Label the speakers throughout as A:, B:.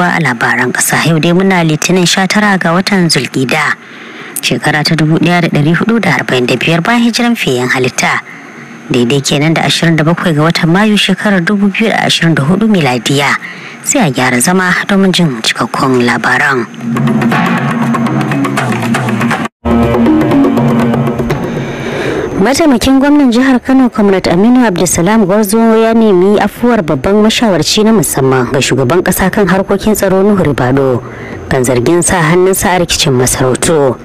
A: a labaran ƙasa yau dai muna litinin 19 ga watan zulkida shekara ta 1445 bayan hijiran fiyen halitta daidai kenan da 27 ga watan mayu shekarar 2024 miladiya sai a gyara zama domin jin cikakkun labaran. mataimakin gwamnan jihar kano comrade aminu abdulsalam gwarzo ya nemi afuwar babban mashawarci na musamman ga shugaban kasa kan harkokin tsaro nuhu ribado kan zargin sa hannun sa a rikicin masarautu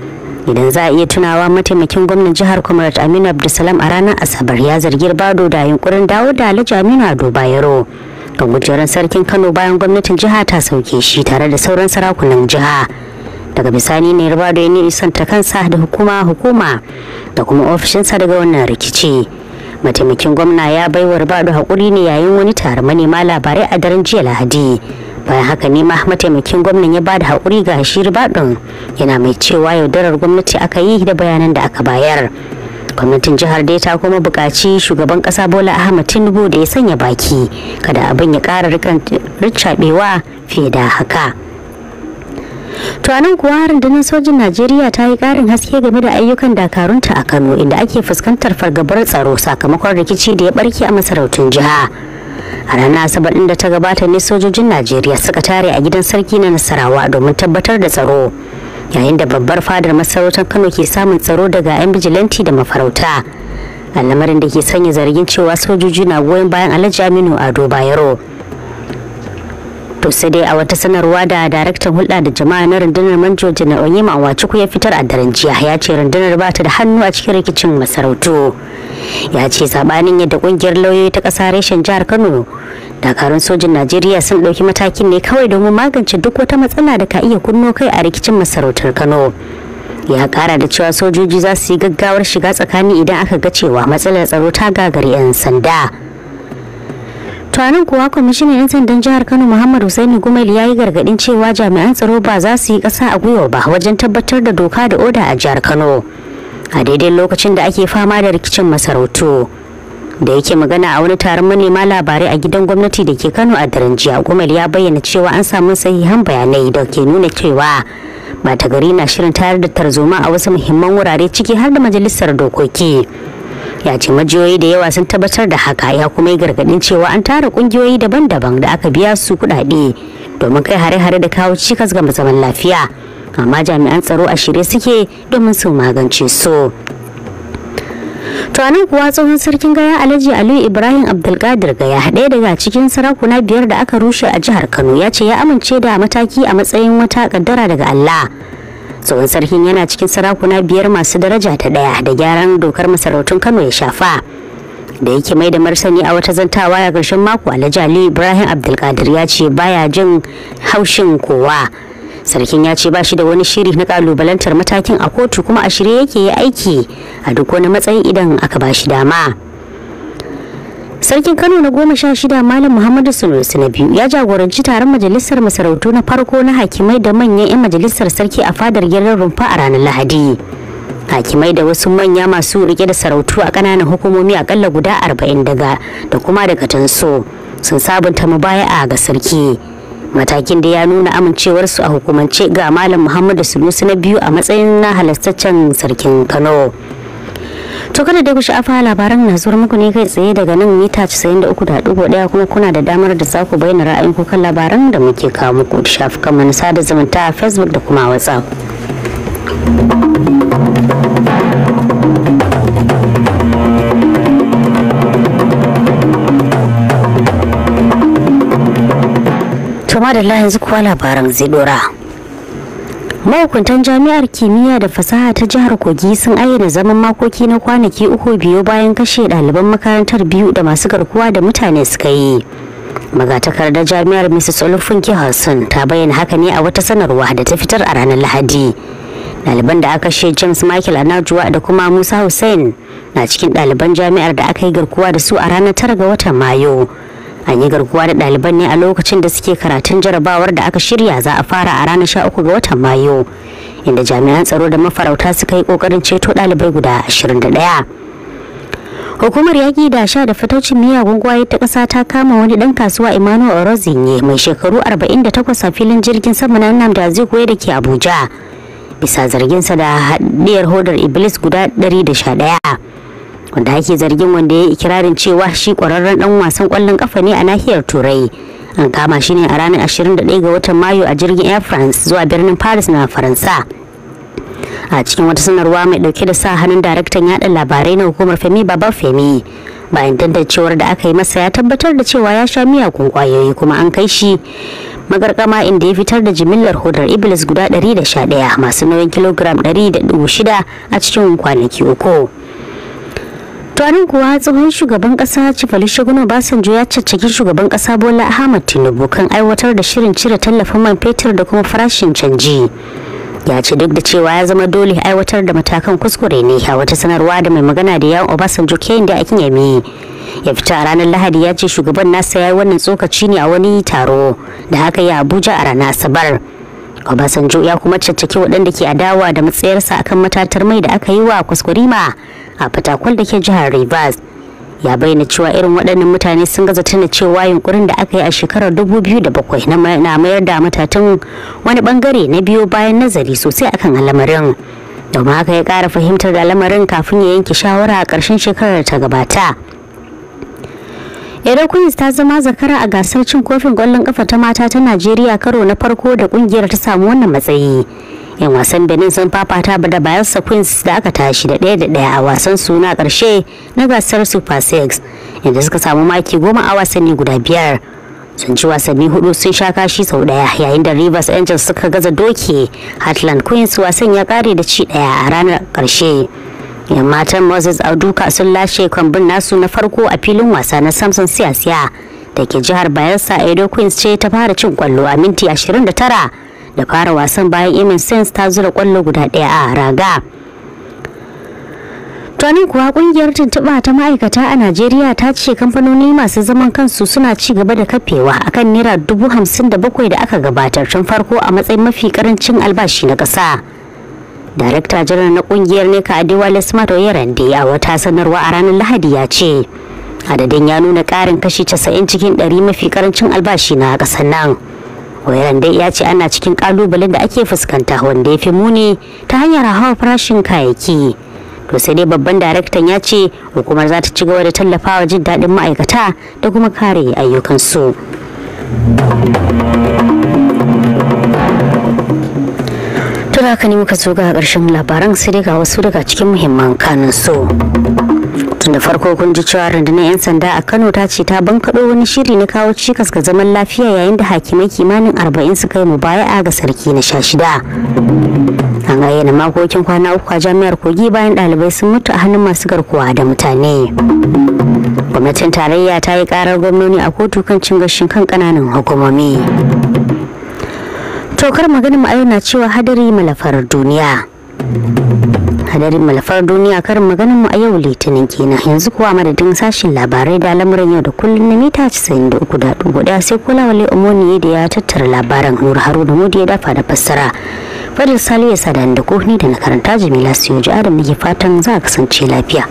A: idan za a iya tunawa mataimakin gwamnan jihar comrade aminu abdulsalam a ranar asabar ya zargi ribado da yunkurin dawo da alhaji aminu ado bayero kan gujeran sarkin kano bayan gwamnatin jiha ta sauke shi tare da sauran sarakunan jiha daga bisani ne rubado ya nisanta kansa da hukuma hukuma da kuma ofishinsa daga wannan rikici mataimakin gwamna ya baiwa rubado hakuri ne yayin wani taron manema labarai a daren jiya lahadi bayan haka ne ma mataimakin gwamnan ya bada hakuri ga shi rubadon yana mai cewa yaudarar gwamnati aka yi da bayanan da aka bayar gwamnatin jihar dai ta kuma bukaci shugaban ƙasa bola ahmad tinubu da ya sanya baki kada abin ya ƙara ricaɓewa fiye da haka to nan kuwa harin rundunar sojin najeriya ta yi karin haske game da ayyukan dakarunta a kano inda ake fuskantar fargabar tsaro sakamakon rikici da ya barke a masarautun jiha a ranar asabar inda ta gabata ne sojojin najeriya suka tare a gidan sarki na nasarawa domin tabbatar da tsaro yayin da babbar fadar masarautar kano ke samun tsaro daga 'yan bijilanti da mafarauta al'amarin da ke sanya zargin cewa sojoji na goyon bayan alhaji aminu ado bayero to sai dai a wata sanarwa da daraktan hulɗa da jama'a na rundunar manjo janar onyema wacuku ya fitar a daren jiya ya ce rundunar ba ta da hannu a cikin rikicin masarautu ya ce sabanin yadda kungiyar lauyoyi ta ƙasa reshen jihar kano dakarun sojin najeriya sun ɗauki matakin ne kawai domin magance duk wata matsala da ka iya kunno kai a rikicin masarautar kano ya kara da cewa sojoji za su yi gaggawar shiga tsakani idan aka ga cewa matsalar tsaro ta gagari 'yan sanda tuwanin kuwa kwamishinan 'yan sandan jihar kano muhammad husaini gumel ya yi gargadin cewa jami'an tsaro ba za su yi kasa a gwiwa ba wajen tabbatar da doka da oda a jihar kano a daidai lokacin da ake fama da rikicin masarautu da yake magana a wani taron manema labarai a gidan gwamnati da ke kano a daren jiya gumel ya bayyana cewa an samu sahihan bayanai da ke nuna cewa bata gari na shirin tayar da tarzoma a wasu muhimman wurare ciki har da majalisar dokoki ya ce majiyoyi da yawa sun tabbatar da haka ya kuma yi gargadin cewa an tara kungiyoyi daban-daban da aka biya su kuɗaɗe domin kai hare-hare da kawo cikas ga zaman lafiya amma jami'an tsaro a shirye suke domin su magance su to nan kuwa tsohon sarkin gaya alhaji aliyu ibrahim abdulkadir gaya ɗaya daga cikin sarakuna biyar da aka rushe a jihar kano ya ce ya amince da mataki a matsayin wata kaddara daga allah tsohon sarkin yana cikin sarakuna biyar masu daraja ta daya da gyaran dokar masarautun kano ya shafa da yake mai da martani a wata zantawa a ƙarshen mako alajali lajali ibrahim abdulkadir ya ce baya jin haushin kowa sarkin ya ce ba shi da wani shiri na kalubalantar matakin a kotu kuma a shirye yake yi aiki a duk wani matsayi idan aka bashi dama. Sarkin Kano na goma sha shida Malam Muhammadu Sunusi na biyu ya jagoranci taron majalisar masarautu na farko na hakimai da manyan 'yan majalisar sarki a fadar gidan rumfa a ranar Lahadi. hakimai da wasu manya masu rike da sarautu a kananan hukumomi akalla guda arba'in daga da kuma daga tanso sun sabunta mubaya'a ga sarki matakin da ya nuna amincewarsu a hukumance ga malam muhammadu sunusi na biyu a matsayin na halastaccen sarkin kano to kada dai ku afa labaran na zuwa muku ne kai tsaye daga nan mita 93.1 kuma kuna da damar da za ku bayyana ra'ayinku kan labaran da muke kawo muku da shafukan manasa da zumunta a facebook da kuma whatsapp to da yanzu kuwa labaran zai dora mahukuntan jami'ar kimiyya da fasaha ta jihar kogi sun ayyana zaman makoki na kwanaki uku biyu bayan kashe ɗaliban makarantar biyu da masu garkuwa da mutane suka yi magatakardar jami'ar mrs olufunke hassan ta bayyana haka ne a wata sanarwa da ta fitar a ranar lahadi ɗaliban da aka she james michael anajuwa da kuma musa hussein na cikin ɗaliban jami'ar da aka yi garkuwa da su a ranar tara ga watan mayu an yi garkuwa da ɗaliban ne a lokacin da suke karatun jarabawar da aka shirya za a fara a ranar sha uku ga watan mayu inda jami'an tsaro da mafarauta suka yi kokarin ceto ɗalibai guda da ɗaya hukumar yaƙi da sha da fitocin miyagun gwaye ta ƙasa ta kama wani ɗan kasuwa emmanuel orozinye mai shekaru 48 a filin jirgin sama na nnamdi da ke abuja bisa zarginsa da haɗiyar hodar iblis guda 111 wanda ake zargin wanda ya ikirarin cewa shi kwararren dan wasan kwallon kafa ne a nahiyar turai an kama shi ne a ranar 21 ga watan mayu a jirgin air france zuwa birnin paris na faransa a cikin wata sanarwa mai dauke da sa hannun daraktan yada labarai na hukumar femi baba femi bayan tantancewar da aka yi masa ya tabbatar da cewa ya sha miyakun kwayoyi kuma an kai shi magarkama inda ya fitar da jimillar hudar iblis guda 111 masu nauyin kilogram 106 a cikin kwanaki uku. tuwanin kuwa tsohon shugaban kasa cifali shaguna obasanjo ya caccaki shugaban kasa bola ahmad tinubu kan aiwatar da shirin cire tallafin man fetur da kuma farashin canji ya ce duk da cewa ya zama dole aiwatar da matakan kuskure ne a wata sanarwa da mai magana da yawon obasanjo kayan da akin yami ya fita a ranar lahadi ya ce shugaban nasa ya yi wannan tsokaci ne a wani taro da haka yi abuja a ranar asabar Obasanjo ya kuma caccaki waɗanda ke adawa da matsayarsa akan matatar mai da aka yi wa kwaskwarima a fatakwal da ke jihar Rivers. Ya bayyana cewa irin waɗannan mutane sun gaza tana cewa yunkurin da aka yi a shekarar 2007 na mayar da matatan wani bangare na biyo bayan nazari sosai akan al'amarin. Domin haka ya ƙara fahimtar da lamarin kafin ya yanke shawara a ƙarshen shekarar ta gabata. Edo Queens ta zama zakara a gasar cin kofin kwallon kafa ta mata ta Najeriya karo na farko da kungiyar ta samu wannan matsayi. 'Yan wasan Benin sun fafata da Bayelsa Queens da aka tashi da ɗaya da ɗaya a wasan suna karshe na gasar Super Six, inda suka samu maki goma a wasanni guda biyar. sun ci wasanni hudu sun sha kashi sau daya yayin da rivers angels suka gaza doke heartland queens wasan ya kare da ci daya a ranar karshe matan moses auduka sun lashe kwambin nasu na farko a filin wasa na samson siyasiya da ke jihar bayelsa edo queens ce ta fara cin kwallo a minti 29 da fara wasan bayan imin saints ta zura kwallo guda daya a raga Tony kuwa kungiyar tuntuɓa ta ma'aikata a Najeriya ta ce kamfanoni masu zaman kansu suna ci gaba da kafewa akan naira dubu hamsin da da aka gabatar tun farko a matsayin mafi karancin albashi na ƙasa. darakta janar na kungiyar ne ka adewale smart oyerande a wata sanarwa a ranar lahadi ya ce adadin ya nuna karin kashi 90 cikin 100 mafi karancin albashi na kasar nan oyerande ya ce ana cikin kalubalen da ake fuskanta wanda ya fi muni ta hanyar hawa farashin kayayyaki to sai dai babban daraktan ya ce hukumar za ta ci gaba da tallafawa jin daɗin ma'aikata da kuma kare ayyukansu. su da haka ne muka zo a ƙarshen labaran sai dai ga wasu daga cikin muhimman kanin su. tun da farko kun ji cewa rundunar 'yan sanda a kano ta ce ta bankaɗo wani shiri na kawo cikas ga zaman lafiya yayin da hakimai kimanin arba'in suka yi mubaya'a ga sarki na sha shida an ayyana makokin kwana uku a jami'ar kogi bayan ɗalibai sun mutu a hannun masu garkuwa da mutane gwamnatin tarayya ta yi karar gwamnoni a kotu kan cin gashin kan ƙananan hukumomi tokar maganin mu aina cewa hadari malafar duniya Hadari malafar duniya karin maganin mu a yau litinin kenan yanzu kuwa madadin sashin labarai da lamuran yau da kullun na mita 93.1 sai kula wale umoni da ya tattara labaran nur haruna mudi ya dafa da fassara fadil sali ya sadan da kohni da na karanta jamila siyoji adam da ke fatan za a kasance lafiya